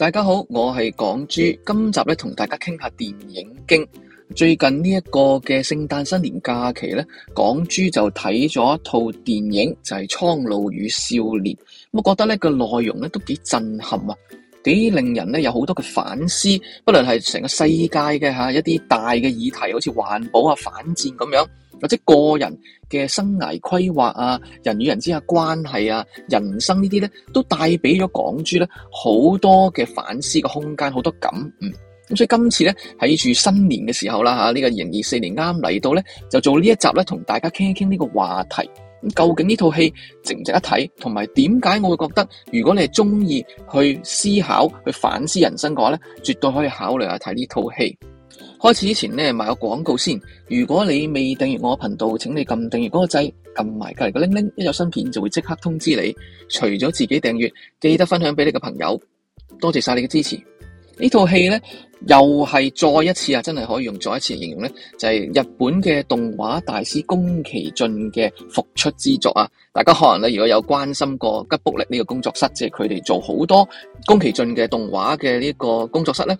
大家好，我係港豬，今集呢同大家傾下電影經。最近呢一個嘅聖誕新年假期呢，港豬就睇咗一套電影，就係、是《蒼鷺與少年》。咁我覺得呢個內容呢都幾震撼啊，幾令人呢有好多嘅反思，不論係成個世界嘅吓一啲大嘅議題，好似環保啊、反戰咁樣。或者個人嘅生涯規劃啊，人與人之間關係啊，人生呢啲咧，都帶俾咗港豬咧好多嘅反思嘅空間，好多感悟。咁所以今次咧喺住新年嘅時候啦，啊這個、剛剛呢個二零二四年啱嚟到咧，就做呢一集咧，同大家傾一傾呢個話題。咁究竟呢套戲值唔值一睇？同埋點解我會覺得如果你係中意去思考、去反思人生嘅話咧，絕對可以考慮下睇呢套戲。開始之前呢，賣個廣告先。如果你未訂閱我頻道，請你撳訂閱嗰個掣，撳埋隔籬個鈴鈴，一有新片就會即刻通知你。除咗自己訂閱，記得分享俾你嘅朋友。多謝晒你嘅支持。呢套戲呢，又係再一次啊！真係可以用再一次嚟形容呢，就係日本嘅動畫大師宮崎駿嘅復出之作啊！大家可能呢，如果有關心過吉卜力呢個工作室，即係佢哋做好多宮崎駿嘅動畫嘅呢個工作室呢。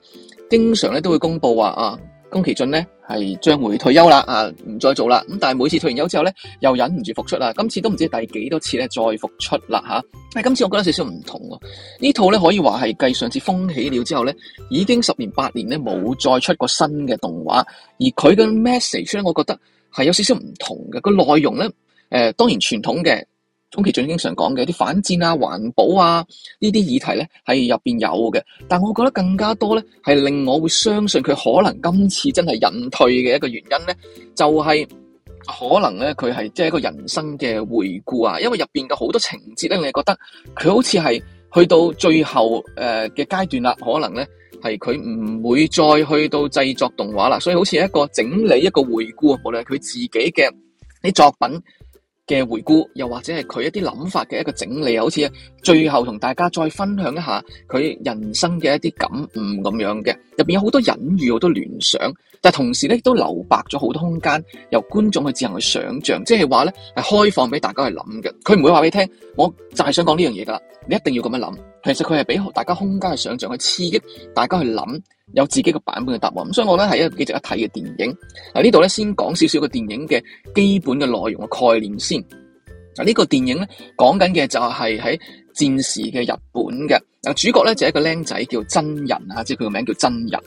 經常咧都會公布話啊，宮崎駿咧係將會退休啦，啊唔再做啦。咁但係每次退完休之後咧，又忍唔住復出啦。今次都唔知第幾多次咧再復出啦嚇。但、啊、今次我覺得少少唔同喎。呢套咧可以話係繼上次風起了之後咧，已經十年八年咧冇再出過新嘅動畫，而佢嘅 message 咧，我覺得係有少少唔同嘅個內容咧。誒、呃、當然傳統嘅。宮崎駿經常講嘅啲反戰啊、環保啊呢啲議題呢，係入面有嘅。但我覺得更加多呢，係令我會相信佢可能今次真係隱退嘅一個原因呢，就係、是、可能呢，佢係即係一個人生嘅回顧啊。因為入面嘅好多情節呢，你係覺得佢好似係去到最後的嘅階段啦，可能呢係佢唔會再去到製作動畫啦，所以好似一個整理一個回顧啊。無論係佢自己嘅啲作品嘅回顧，又或者係佢一啲諗法嘅一個整理，好似最後同大家再分享一下佢人生嘅一啲感悟咁樣嘅，入面有好多隱喻，好多聯想，但係同時咧都留白咗好多空間，由觀眾去自行去想象，即係話咧係開放俾大家去諗嘅，佢唔會話俾你聽，我就係想講呢樣嘢噶啦，你一定要咁樣諗。其實佢係俾大家空間去想象，去刺激大家去諗，有自己嘅版本嘅答案。咁所以我咧係一個幾值得睇嘅電影。嗱，呢度咧先講少少個電影嘅基本嘅內容嘅概念先。嗱，呢個電影咧講緊嘅就係喺戰時嘅日本嘅。嗱，主角咧就係、是、一個僆仔叫真人啊，即係佢個名叫真人。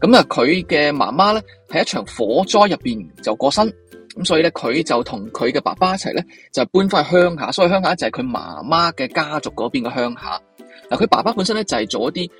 咁啊，佢嘅媽媽咧喺一場火災入邊就過身，咁所以咧佢就同佢嘅爸爸一齊咧就搬翻去鄉下。所以鄉下就係佢媽媽嘅家族嗰邊嘅鄉下。嗱，佢爸爸本身咧就係做一啲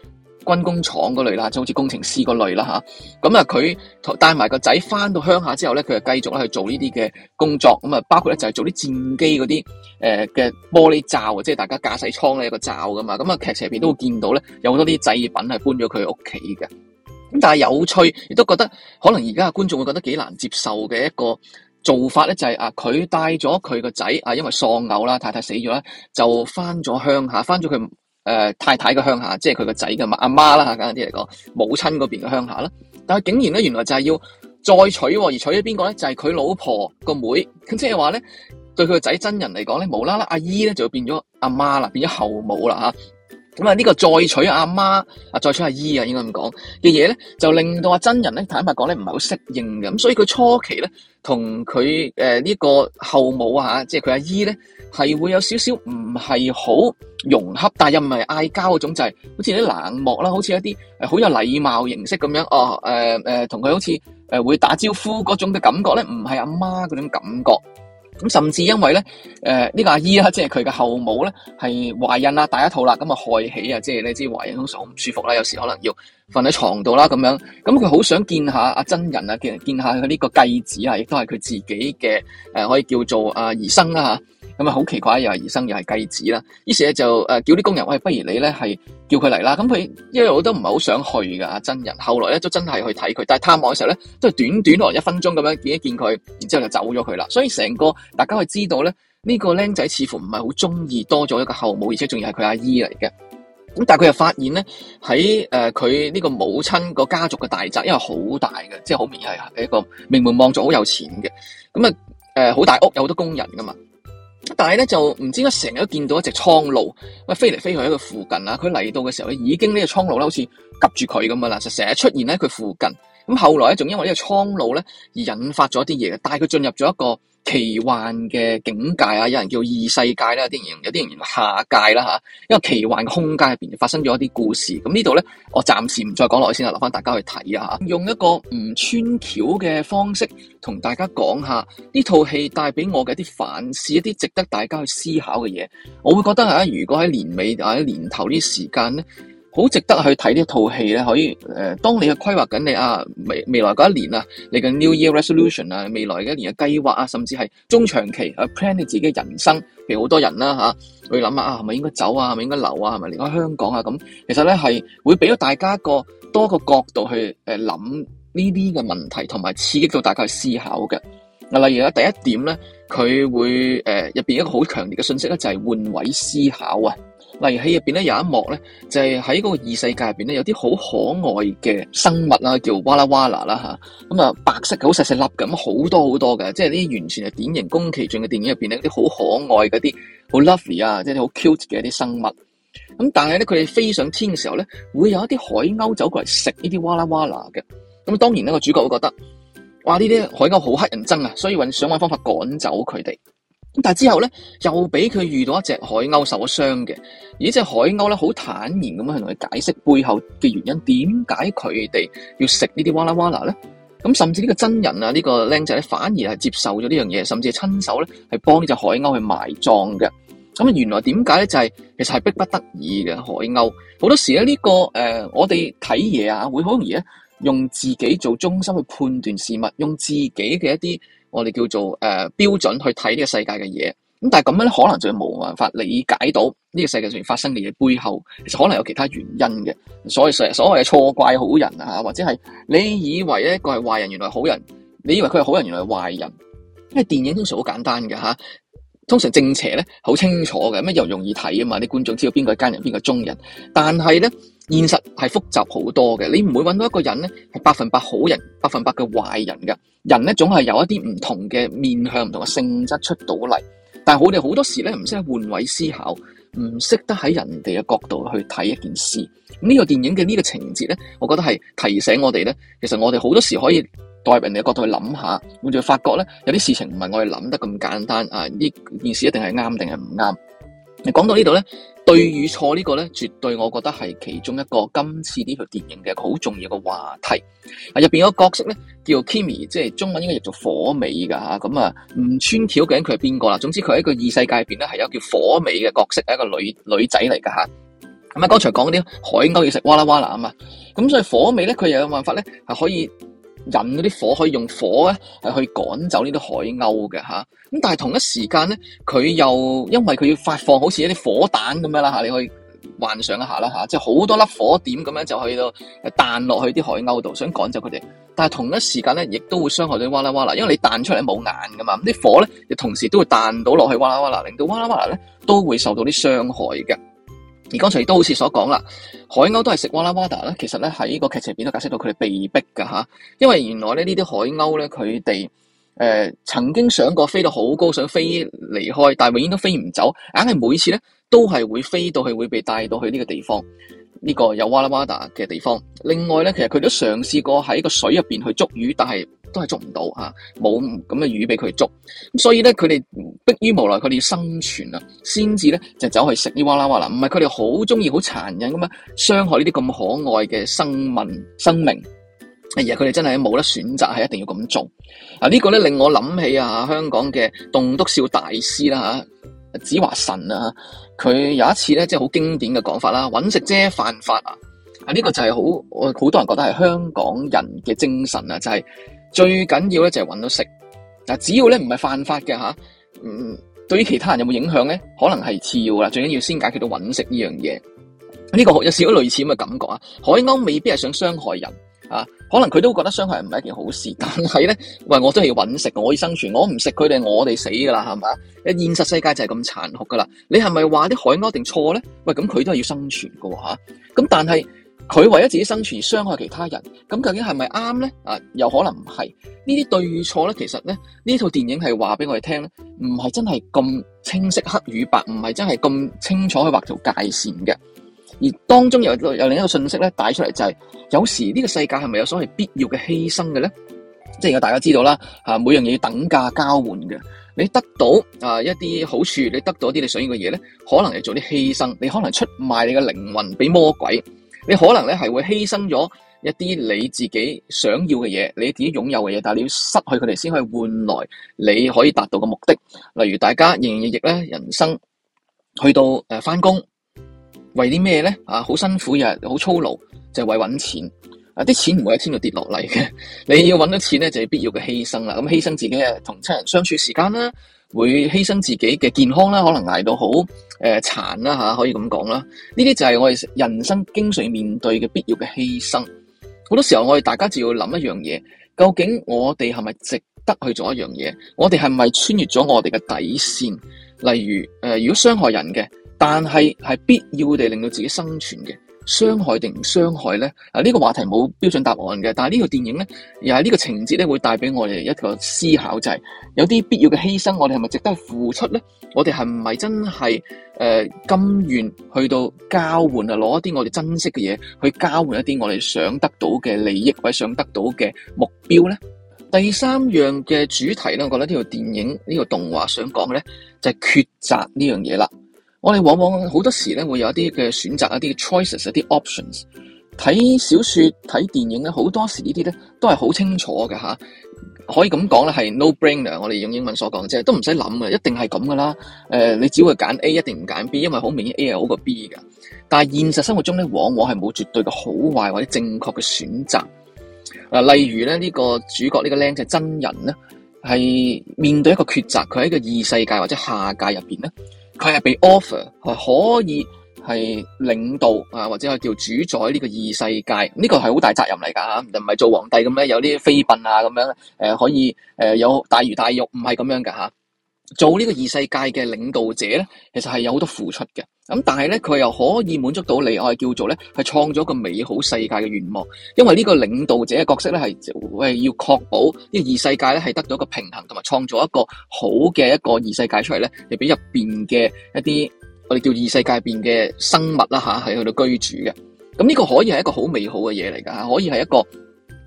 軍工廠嗰類啦，就好似工程師嗰類啦吓，咁啊，佢帶埋個仔翻到鄉下之後咧，佢就繼續咧去做呢啲嘅工作。咁啊，包括咧就係做啲戰機嗰啲誒嘅玻璃罩，即係大家駕駛艙咧個罩噶嘛。咁啊，劇情入面都會見到咧，有好多啲製品係搬咗佢屋企嘅。咁但係有趣，亦都覺得可能而家嘅觀眾會覺得幾難接受嘅一個做法咧，就係啊，佢帶咗佢個仔啊，因為喪偶啦，太太死咗啦，就翻咗鄉下，翻咗佢。誒、呃，太太嘅鄉下，即係佢個仔嘅阿媽啦吓，簡單啲嚟講，母親嗰邊嘅鄉下啦，但係竟然咧，原來就係要再娶喎，而娶咗邊個咧，就係、是、佢老婆個妹，咁即係話咧，對佢個仔真人嚟講咧，無啦啦阿姨咧，就會變咗阿媽啦，變咗後母啦吓。啊咁啊呢個再娶阿媽啊再娶阿姨啊應該咁講嘅嘢咧，就令到阿真人咧坦白講咧唔係好適應嘅，咁所以佢初期咧同佢誒呢、呃這個後母啊，即係佢阿姨咧，係會有少少唔係好融洽，但又唔係嗌交嗰種，就係、是、好似啲冷漠啦，好似一啲誒好有禮貌形式咁樣，哦誒誒同佢好似誒會打招呼嗰種嘅感覺咧，唔係阿媽嗰種感覺。咁甚至因為咧，誒、呃、呢、這個阿姨即係佢嘅後母咧，係懷孕啦，大一套啦，咁啊害喜啊，即係你知懷孕通常好唔舒服啦，有時可能要瞓喺床度啦，咁樣，咁佢好想見下阿真人啊，見,見下佢呢個繼子啊，亦都係佢自己嘅、呃、可以叫做啊、呃、兒生」啦、啊咁啊，好、嗯、奇怪！又係兒生，又係繼子啦。於是咧就叫啲工人喂，不如你咧係叫佢嚟啦。咁佢因為我都唔係好想去噶啊真人。後來咧都真係去睇佢，但係探望嘅時候咧都係短短落一分鐘咁樣見一見佢，然之後就走咗佢啦。所以成個大家會知道咧呢、呢個僆仔似乎唔係好中意多咗一個後母，而且仲要係佢阿姨嚟嘅。咁但係佢又發現咧喺誒佢呢、呃、個母親個家族嘅大宅，因為好大嘅，即係好名氣嘅一個名門望族，好有錢嘅。咁啊好大屋，有好多工人噶嘛。但係呢，就唔知點解成日都見到一隻蒼鷺，佢飛嚟飛去喺佢附近啦。佢嚟到嘅時候呢，已經呢隻蒼鷺啦，好似急住佢咁啊啦。就成日出現喺佢附近。咁後來呢，仲因為呢隻蒼鷺呢，而引發咗一啲嘢，帶佢進入咗一個。奇幻嘅境界啊，有人叫異世界啦，有啲人有啲人下界啦吓，因為奇幻嘅空間入邊發生咗一啲故事。咁呢度咧，我暫時唔再講落去先啦，留翻大家去睇啊嚇。用一個唔穿橋嘅方式同大家講下呢套戲帶俾我嘅一啲反思，一啲值得大家去思考嘅嘢。我會覺得係，如果喺年尾或者年頭啲時間咧。好值得去睇呢一套戲咧，可以誒，當你去規劃緊你啊未未來嗰一年啊，你嘅 New Year Resolution 啊，未來嘅一年嘅計劃啊，甚至係中長期去 plan 你自己嘅人生，譬如好多人啦吓，去諗下啊，係咪應該走啊，係咪應該留啊，係咪離開香港啊？咁其實咧係會俾咗大家一個多一個角度去誒諗呢啲嘅問題，同埋刺激到大家去思考嘅。例如咧第一點咧，佢會誒入邊一個好強烈嘅信息咧，就係換位思考啊。例如戲入邊咧有一幕咧，就係喺嗰個異世界入邊咧，有啲好可愛嘅生物啦，叫哇啦哇啦啦嚇，咁啊白色嘅，好細細粒咁，好多好多嘅，即係呢啲完全係典型宮崎駿嘅電影入邊咧，啲好可愛嗰啲好 lovely 啊，即係好 cute 嘅一啲生物。咁但係咧，佢哋飛上天嘅時候咧，會有一啲海鷗走過嚟食呢啲哇啦哇啦嘅。咁當然咧，個主角會覺得，哇，呢啲海鷗好乞人憎啊，所以揾想揾方法趕走佢哋。咁但係之後咧，又俾佢遇到一隻海鷗受咗傷嘅，而呢隻海鷗咧好坦然咁樣去同佢解釋背後嘅原因，點解佢哋要食呢啲哇啦哇啦咧？咁甚至呢個真人啊，呢、這個僆仔咧反而係接受咗呢樣嘢，甚至係親手咧係幫呢隻海鷗去埋葬嘅。咁原來點解咧就係、是、其實係逼不得已嘅海鷗。好多時咧呢、這個誒、呃，我哋睇嘢啊，會好容易咧用自己做中心去判斷事物，用自己嘅一啲。我哋叫做誒、呃、標準去睇呢個世界嘅嘢，咁但係咁樣咧，可能就冇辦法理解到呢個世界上發生嘅嘢背後其實可能有其他原因嘅，所以成日所謂錯怪好人啊嚇，或者係你以為呢個係壞人，原來係好人；你以為佢係好人，原來係壞人。因為電影通常好簡單嘅嚇，通常正邪咧好清楚嘅，咁又容易睇啊嘛，啲觀眾知道邊個係奸人，邊個係忠人，但係咧。現實係複雜好多嘅，你唔會揾到一個人咧係百分百好人、百分百嘅壞人嘅。人咧總係有一啲唔同嘅面向、唔同嘅性質出到嚟。但係我哋好多時咧唔識換位思考，唔識得喺人哋嘅角度去睇一件事。呢個電影嘅呢個情節咧，我覺得係提醒我哋咧，其實我哋好多時可以代入人哋嘅角度去諗下，跟住發覺咧有啲事情唔係我哋諗得咁簡單啊！呢件事一定係啱定係唔啱？你講到這裡呢度咧。對與錯個呢個咧，絕對我覺得係其中一個今次呢部電影嘅好重要嘅話題。啊，入邊個角色咧叫 Kimi 即係中文應該叫做火美噶吓。咁、嗯、啊,唔穿條嘅人佢係邊個啦？總之佢喺一個異世界入邊咧，係一個叫火美嘅角色，係一個女女仔嚟噶吓。咁、嗯、啊，剛才講嗰啲海鷗要食哇啦哇啦啊嘛。咁、嗯、所以火美咧，佢又有辦法咧，係可以。引嗰啲火可以用火咧，係去趕走呢啲海鷗嘅吓。咁但係同一時間咧，佢又因為佢要發放好似一啲火彈咁樣啦吓，你可以幻想一下啦吓，即係好多粒火點咁樣就彈去到彈落去啲海鷗度，想趕走佢哋。但係同一時間咧，亦都會傷害到啲哇啦哇啦，因為你彈出嚟冇眼噶嘛，咁啲火咧亦同時都會彈到落去哇啦哇啦，令到哇啦哇啦咧都會受到啲傷害嘅。而剛才都好似所講啦，海鷗都係食哇啦哇打咧，其實咧喺個劇情入邊都解釋到佢哋被逼噶嚇，因為原來咧呢啲海鷗咧，佢哋誒曾經想過飛到好高，想飛離開，但永遠都飛唔走，硬係每次咧都係會飛到去會被帶到去呢個地方，呢個有哇啦哇打嘅地方。另外咧，其實佢都嘗試過喺個水入邊去捉魚，但係都係捉唔到啊，冇咁嘅魚俾佢捉咁，所以咧，佢哋逼於無奈，佢哋要生存啊，先至咧就走去食啲哇啦哇啦。唔係佢哋好中意好殘忍咁樣，傷害呢啲咁可愛嘅生民生命。而佢哋真係冇得選擇，係一定要咁做啊。呢個、呢個咧令我諗起啊，香港嘅棟篤笑大師啦、啊、吓，子華神啊，佢有一次咧，即係好經典嘅講法啦、啊，搵食啫犯法啊啊！呢、呢個就係好好多人覺得係香港人嘅精神啊，就係、是。最緊要咧就係搵到食嗱，只要咧唔係犯法嘅吓，嗯，對於其他人有冇影響咧，可能係次要啦。最緊要先解決到搵食呢樣嘢，呢個有少少類似咁嘅感覺啊。海鷗未必係想傷害人啊，可能佢都覺得傷害人唔係一件好事。但係咧，喂，我真係要搵食，我可以生存，我唔食佢哋，我哋死噶啦，係咪？誒，現實世界就係咁殘酷噶啦。你係咪話啲海鷗一定錯咧？喂，咁佢都係要生存噶喎，吓、啊，咁但係。佢為咗自己生存，而傷害其他人，咁究竟係咪啱咧？啊，有可能唔係呢啲對錯咧。其實咧，呢套電影係話俾我哋聽咧，唔係真係咁清晰黑與白，唔係真係咁清楚去畫條界線嘅。而當中有有另一個信息咧，帶出嚟就係，有時呢個世界係咪有所謂必要嘅犧牲嘅咧？即係如果大家知道啦，啊每樣嘢要等價交換嘅，你得到啊一啲好處，你得到一啲你想要嘅嘢咧，可能係做啲犧牲，你可能出賣你嘅靈魂俾魔鬼。你可能咧係會犧牲咗一啲你自己想要嘅嘢，你自己擁有嘅嘢，但係你要失去佢哋先可以換來你可以達到嘅目的。例如大家營營役役咧，人生去到誒，翻工，為啲咩咧啊，好辛苦，又好操勞，就係為搵錢。啊啲錢唔會喺天度跌落嚟嘅，你要搵到錢咧，就係必要嘅犧牲啦。咁犧牲自己嘅同親人相處時間啦。會犧牲自己嘅健康啦，可能挨到好誒殘啦吓，可以咁講啦。呢啲就係我哋人生經常面對嘅必要嘅犧牲。好多時候我哋大家就要諗一樣嘢，究竟我哋係咪值得去做一樣嘢？我哋係咪穿越咗我哋嘅底線？例如誒、呃，如果傷害人嘅，但係係必要地令到自己生存嘅。傷害定唔傷害呢？啊，呢個話題冇標準答案嘅。但係呢套電影呢，又係呢個情節呢，會帶俾我哋一個思考，就係、是、有啲必要嘅犧牲，我哋係咪值得付出呢？我哋係唔係真係、呃、甘願去到交換啊，攞一啲我哋珍惜嘅嘢去交換一啲我哋想得到嘅利益或者想得到嘅目標呢？第三樣嘅主題呢，我覺得呢套電影呢、呢個動畫想講嘅呢，就係、是、抉擇呢樣嘢啦。我哋往往好多時咧會有一啲嘅選擇，一啲 choices，一啲 options。睇小說、睇電影咧，好多時呢啲咧都係好清楚嘅吓，可以咁講咧係 no brainer！我哋用英文所講即係都唔使諗嘅，一定係咁噶啦。誒、呃，你只會揀 A，一定唔揀 B，因為好明顯 A 係好過 B 噶。但係現實生活中咧，往往係冇絕對嘅好壞或者正確嘅選擇。嗱，例如咧呢個主角呢個靚仔、就是、真人咧，係面對一個抉擇，佢喺個異世界或者下界入邊咧。佢係被 offer，係可以係領導啊，或者係叫主宰呢個異世界，呢個係好大責任嚟噶，唔係做皇帝咁樣，有啲妃嬪啊咁樣，誒可以，誒有大魚大肉唔係咁樣噶吓，做呢個異世界嘅領導者咧，其實係有好多付出嘅。咁但係咧，佢又可以滿足到你，我哋叫做咧，係創造一個美好世界嘅願望。因為呢個領導者嘅角色咧，係喂要確保啲異世界咧係得到一個平衡，同埋創造一個好嘅一個異世界出嚟咧，嚟俾入面嘅一啲我哋叫異世界入邊嘅生物啦嚇，喺佢度居住嘅。咁呢個可以係一個好美好嘅嘢嚟噶嚇，可以係一個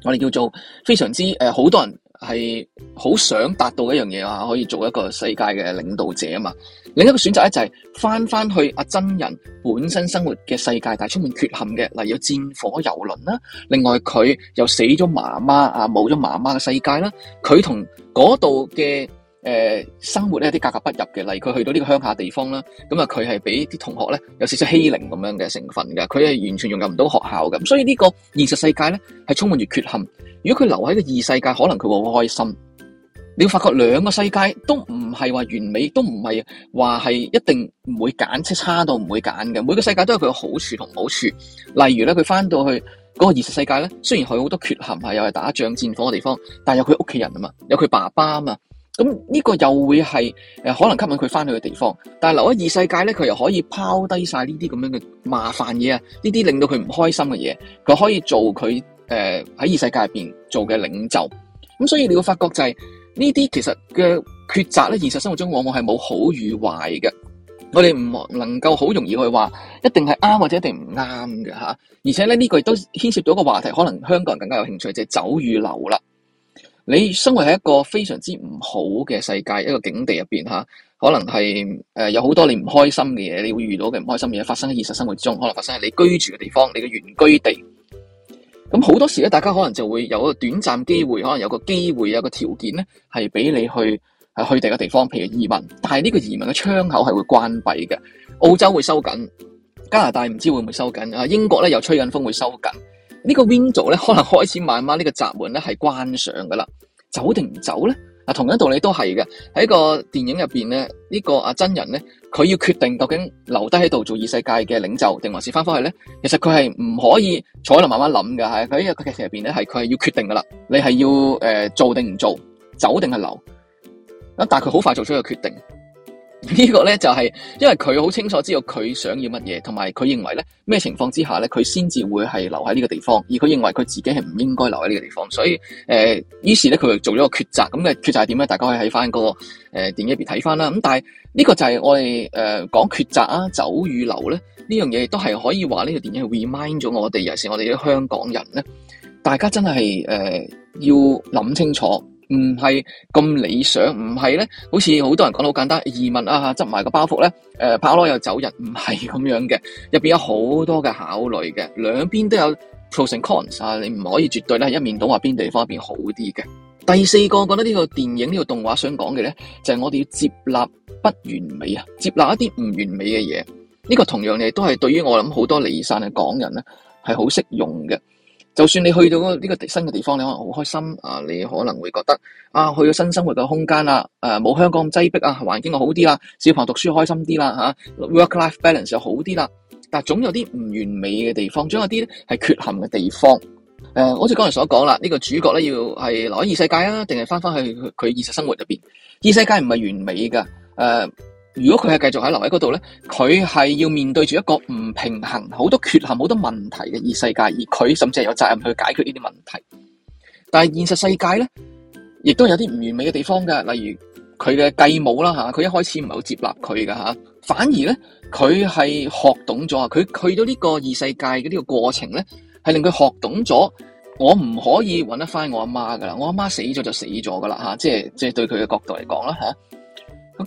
我哋叫做非常之呃、好多人。係好想達到一樣嘢啊，可以做一個世界嘅領導者啊嘛。另一個選擇咧就係翻翻去阿真人本身生活嘅世界，但係充滿缺陷嘅，例如戰火蹂躪啦。另外佢又死咗媽媽啊，冇咗媽媽嘅世界啦。佢同嗰度嘅誒生活咧有啲格格不入嘅，例如佢去到呢個鄉下地方啦。咁啊，佢係俾啲同學咧有少少欺凌咁樣嘅成分噶，佢係完全融入唔到學校咁。所以呢個現實世界咧係充滿住缺陷。如果佢留喺個異世界，可能佢會開心。你會發覺兩個世界都唔係話完美，都唔係話係一定唔會揀，即差到唔會揀嘅。每個世界都有佢嘅好處同唔好處。例如咧，佢翻到去嗰、那個現實世界咧，雖然佢好多缺陷，係又係打仗戰火嘅地方，但係有佢屋企人啊嘛，有佢爸爸啊嘛，咁、這、呢個又會係誒可能吸引佢翻去嘅地方。但係留喺異世界咧，佢又可以拋低晒呢啲咁樣嘅麻煩嘢啊，呢啲令到佢唔開心嘅嘢，佢可以做佢。誒，喺異世界入邊做嘅領袖，咁所以你會發覺就係呢啲其實嘅抉擇咧，現實生活中往往係冇好與壞嘅，我哋唔能夠好容易去話一定係啱或者一定唔啱嘅吓，而且咧呢個亦都牽涉到一個話題，可能香港人更加有興趣，就係走與留啦。你生活喺一個非常之唔好嘅世界，一個境地入邊吓，可能係誒有好多你唔開心嘅嘢，你會遇到嘅唔開心嘅嘢發生喺現實生活中，可能發生喺你居住嘅地方，你嘅原居地。咁好多時咧，大家可能就會有一個短暫機會，可能有個機會，有個條件咧，係俾你去係去第二個地方，譬如移民。但係呢個移民嘅窗口係會關閉嘅，澳洲會收緊，加拿大唔知會唔會收緊啊，英國咧又吹緊風會收緊。呢個 Window 咧可能開始慢慢呢個閘門咧係關上噶啦，走定唔走咧？啊，同樣道理都係嘅。喺個電影入面咧，呢、這個啊真人咧，佢要決定究竟留低喺度做異世界嘅領袖，定還是翻返去咧？其實佢係唔可以坐喺度慢慢諗嘅，係佢喺個劇情入面咧，係佢係要決定噶啦。你係要誒做定唔做，走定係留。但佢好快做出一個決定。這個呢個咧就係、是、因為佢好清楚知道佢想要乜嘢，同埋佢認為咧咩情況之下咧佢先至會係留喺呢個地方，而佢認為佢自己係唔應該留喺呢個地方，所以誒，於、呃、是咧佢就做咗個抉擇，咁嘅抉擇係點咧？大家可以喺翻個誒電影入邊睇翻啦。咁但係呢個就係我哋誒講抉擇啊，走與留咧呢樣嘢，亦都係可以話呢個電影係、呃、remind 咗我哋，尤其是我哋啲香港人咧，大家真係誒、呃、要諗清楚。唔係咁理想，唔係咧，好似好多人講得好簡單，移民啊，吓，執埋個包袱咧，誒、呃，跑咗又走人，唔係咁樣嘅，入邊有好多嘅考慮嘅，兩邊都有 pro 同 con 啊，你唔可以絕對咧一面倒話邊地方邊好啲嘅。第四個覺得呢個電影呢、呢個動畫想講嘅咧，就係、是、我哋要接納不完美啊，接納一啲唔完美嘅嘢，呢、這個同樣嘅都係對於我諗好多離散嘅港人咧，係好適用嘅。就算你去到呢個新嘅地方，你可能好開心啊！你可能會覺得啊，去咗新生活嘅空間啦，誒、啊，冇香港咁擠逼啊，環境又好啲啦，小朋友讀書開心啲啦，吓、啊、work life balance 又好啲啦。但係總有啲唔完美嘅地方，總有啲係缺陷嘅地方。誒、啊，好似剛才所講啦，呢、這個主角咧要係留喺異世界，是回他他世界，世界是啊，定係翻翻去佢現實生活入邊？異世界唔係完美噶，誒。如果佢係繼續喺留喺嗰度咧，佢係要面對住一個唔平衡、好多缺陷、好多問題嘅異世界，而佢甚至係有責任去解決呢啲問題。但係現實世界咧，亦都有啲唔完美嘅地方噶，例如佢嘅繼母啦吓，佢一開始唔係好接納佢噶吓，反而咧佢係學懂咗啊！佢去到呢個異世界嘅呢個過程咧，係令佢學懂咗，我唔可以搵得翻我阿媽噶啦，我阿媽死咗就死咗噶啦吓，即係即係對佢嘅角度嚟講啦吓。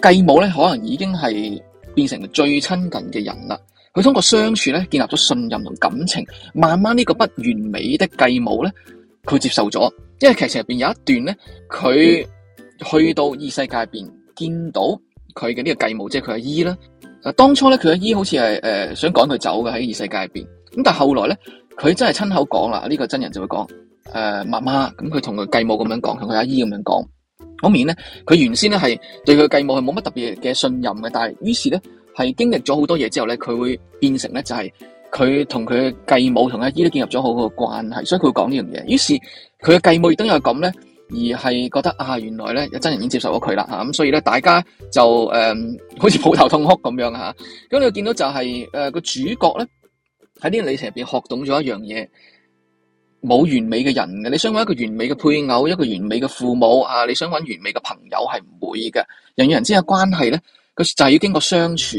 繼母咧，可能已經係變成最親近嘅人啦。佢通過相處咧，建立咗信任同感情。慢慢呢個不完美的繼母咧，佢接受咗。因為劇情入邊有一段咧，佢去到異世界入邊見到佢嘅呢個繼母，即係佢阿姨啦。當初咧，佢阿姨好似係誒想趕佢走嘅喺異世界入邊。咁但係後來咧，佢真係親口講啦，呢、這個真人就會講：誒、呃，媽媽，咁佢同佢繼母咁樣講，同佢阿姨咁樣講。我面咧，佢原先咧係對佢嘅繼母係冇乜特別嘅信任嘅，但係於是咧係經歷咗好多嘢之後咧，佢會變成咧就係佢同佢嘅繼母同阿姨都建立咗好好嘅關係，所以佢會講呢樣嘢。於是佢嘅繼母亦都有咁咧，而係覺得啊，原來咧有真人已經接受咗佢啦，吓咁，所以咧大家就誒、呃、好似抱頭痛哭咁樣吓。咁、啊、你會見到就係誒個主角咧喺呢個旅程入邊學懂咗一樣嘢。冇完美嘅人嘅，你想搵一個完美嘅配偶，一個完美嘅父母啊，你想搵完美嘅朋友係唔會嘅。人與人之間嘅關係咧，佢就係要經過相處，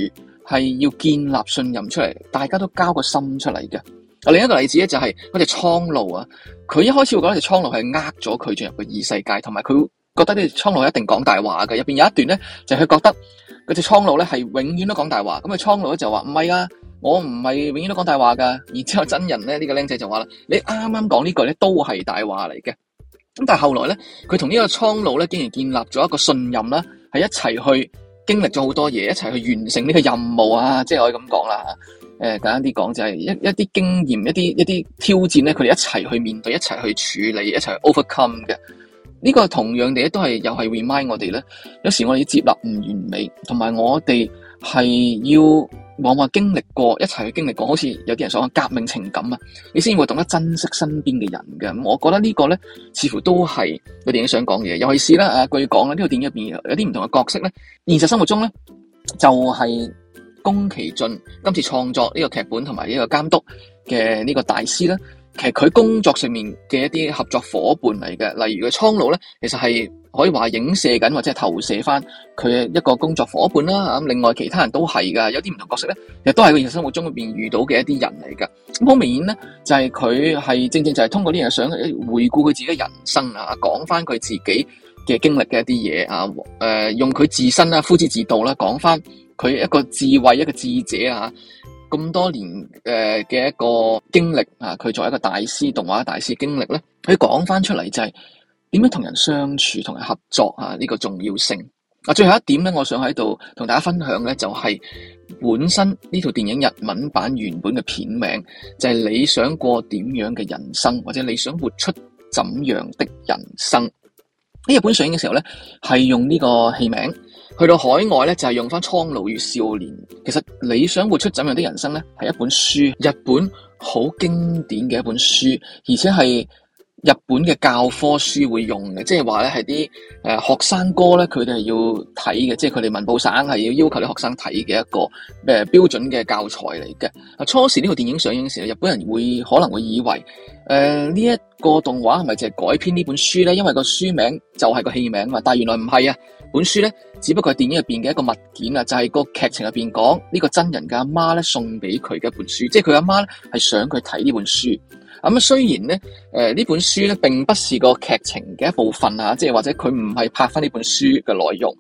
係要建立信任出嚟，大家都交個心出嚟嘅。啊，另一個例子咧就係、是、嗰隻蒼鷺啊，佢一開始會覺得隻蒼鷺係呃咗佢進入個異世界，同埋佢覺得呢隻蒼鷺一定講大話嘅。入邊有一段咧就係、佢、覺得嗰隻蒼鷺咧係永遠都講大話，咁啊蒼鷺就話唔係啊。我唔係永遠都講大話噶，然之後真人咧呢、這個僆仔就話啦，你啱啱講呢句咧都係大話嚟嘅。咁但係後來咧，佢同呢個蒼鷺咧竟然建立咗一個信任啦，係一齊去經歷咗好多嘢，一齊去完成呢個任務啊，即係可以咁講啦。誒簡單啲講就係一一啲經驗，一啲一啲挑戰咧，佢哋一齊去面對，一齊去處理，一齊去 overcome 嘅。呢、這個同樣地都係又係 remind 我哋咧，有時我哋要接納唔完美，同埋我哋係要。往往經歷過一齊去經歷過，好似有啲人所講革命情感啊，你先會懂得珍惜身邊嘅人嘅。咁我覺得呢個咧，似乎都係個電影想講嘢。尤其是啦，啊，據講咧，呢套電影入面有啲唔同嘅角色咧，現實生活中咧就係宮崎駿今次創作呢個劇本同埋呢個監督嘅呢個大師啦。其實佢工作上面嘅一啲合作伙伴嚟嘅，例如個蒼鷺咧，其實係可以話影射緊或者係投射翻佢一個工作伙伴啦。咁另外其他人都係噶，有啲唔同角色咧，亦都係佢現實生活中裏面遇到嘅一啲人嚟噶。咁好明顯咧，就係佢係正正就係通過呢樣想回顧佢自己嘅人生啊，講翻佢自己嘅經歷嘅一啲嘢啊，誒，用佢自身啊，夫子自道啦，講翻佢一個智慧一個智者啊。咁多年嘅嘅一個經歷啊，佢作為一個大師動畫大師經歷咧，佢講翻出嚟就係點樣同人相處同人合作啊呢、這個重要性啊。最後一點咧，我想喺度同大家分享咧，就係、是、本身呢套電影日文版原本嘅片名就係、是、你想過點樣嘅人生，或者你想活出怎樣的人生？喺日本上映嘅時候咧，係用呢個戲名。去到海外咧，就係、是、用翻《蒼鷺與少年》。其實你想活出怎樣的人生咧，係一本書，日本好經典嘅一本書，而且係日本嘅教科書會用嘅。即係話咧係啲誒學生哥咧，佢哋係要睇嘅，即係佢哋文部省係要要求啲學生睇嘅一個誒、呃、標準嘅教材嚟嘅。初時呢套電影上映嘅時候，日本人會可能會以為誒呢一個動畫係咪就係改編呢本書咧？因為個書名就係個戲名啊嘛，但係原來唔係啊。本書咧只不過係電影入邊嘅一個物件啊，就係、是、個劇情入邊講呢個真人嘅阿媽咧送俾佢嘅一本書，即係佢阿媽咧係想佢睇呢本書。咁啊，雖然咧誒呢、呃、這本書咧並不是個劇情嘅一部分啊，即係或者佢唔係拍返呢本書嘅內容。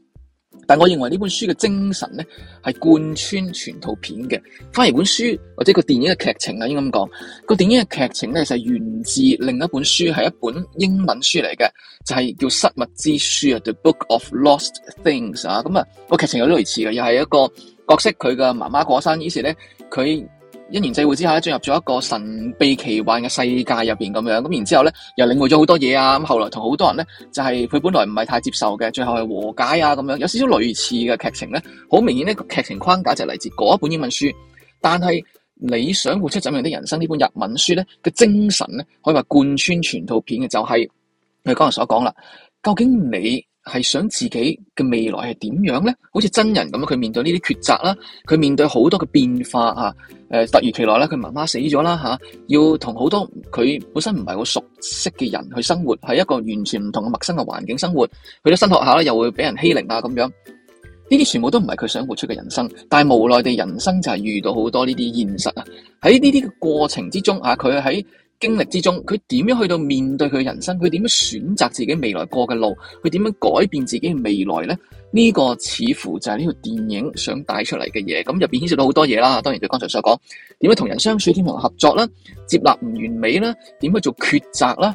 但我認為呢本書嘅精神呢係貫穿全套片嘅。反而本書或者個電影嘅劇情啊，應該咁講，個電影嘅劇情呢，就係源自另一本書，係一本英文書嚟嘅，就係叫《失物之書》啊，《The Book of Lost Things》啊、嗯。咁啊，個劇情有啲類似嘅，又係一個角色佢嘅媽媽過身，於是呢，佢。因緣際會之下進入咗一個神秘奇幻嘅世界入面。噉樣，然後又領會咗好多嘢啊！後來同好多人就係佢本來唔係太接受嘅，最後係和解啊噉樣，有少少類似嘅劇情呢。好明顯呢劇情框架就嚟自嗰一本英文書，但係你想活出怎樣的人生呢本日文書嘅精神呢，可以話貫穿全套片嘅，就係我剛才所講啦。究竟你？係想自己嘅未來係點樣咧？好似真人咁啊，佢面對呢啲抉擇啦，佢面對好多嘅變化啊！誒，突如其來咧，佢媽媽死咗啦，吓要同好多佢本身唔係好熟悉嘅人去生活，喺一個完全唔同嘅陌生嘅環境生活，去咗新學校咧，又會俾人欺凌啊咁樣，呢啲全部都唔係佢想活出嘅人生，但係無奈地人生就係遇到好多呢啲現實啊！喺呢啲嘅過程之中啊，佢喺經歷之中，佢點樣去到面對佢人生？佢點樣選擇自己未來過嘅路？佢點樣改變自己嘅未來咧？呢個似乎就係呢條電影想帶出嚟嘅嘢。咁入邊牽涉到好多嘢啦，當然就剛才所講，點樣同人相處、點樣合作啦、接納唔完美啦、點去做抉擇啦。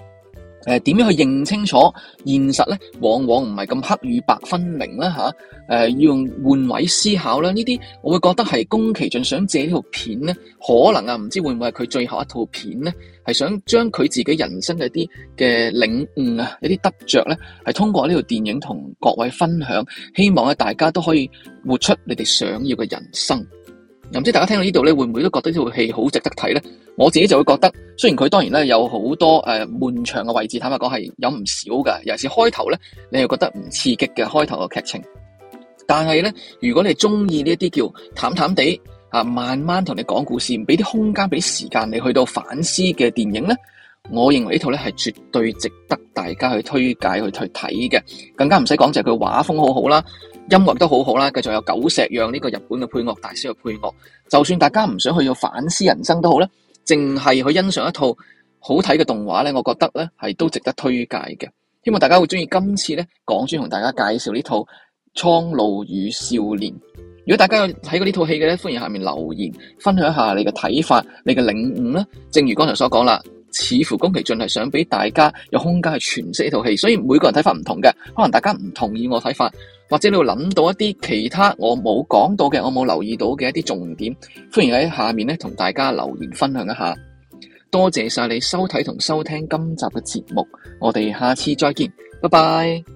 誒，點、呃、樣去認清楚現實咧？往往唔係咁黑與白分明啦，吓、呃、誒，要用換位思考啦。呢啲我會覺得係宮崎駿想借呢套片咧，可能啊，唔知會唔會係佢最後一套片咧，係想將佢自己人生嘅一啲嘅領悟啊，一啲得着咧，係通過呢套電影同各位分享，希望咧、啊、大家都可以活出你哋想要嘅人生。唔知大家聽到呢度咧，會唔會都覺得呢套戲好值得睇呢？我自己就會覺得，雖然佢當然咧有好多誒悶長嘅位置，坦白講係有唔少㗎。尤其是開頭呢，你又覺得唔刺激嘅開頭嘅劇情。但係呢，如果你中意呢啲叫淡淡地啊，慢慢同你講故事，唔俾啲空間，俾時間你去到反思嘅電影呢，我認為呢套呢係絕對值得大家去推介去去睇嘅。更加唔使講就係佢畫風好好啦。音樂都好好啦，繼續有久石讓呢個日本嘅配樂大師嘅配樂，就算大家唔想去要反思人生都好咧，淨係去欣賞一套好睇嘅動畫咧，我覺得咧係都值得推介嘅。希望大家會中意今次咧，港豬同大家介紹呢套《蒼鷺與少年》。如果大家有睇過呢套戲嘅咧，歡迎下面留言分享一下你嘅睇法、你嘅領悟啦。正如剛才所講啦，似乎宮崎駿係想俾大家有空間去詮釋呢套戲，所以每個人睇法唔同嘅，可能大家唔同意我睇法。或者你會諗到一啲其他我冇講到嘅，我冇留意到嘅一啲重點，歡迎喺下面咧同大家留言分享一下。多謝晒你收睇同收聽今集嘅節目，我哋下次再見，拜拜。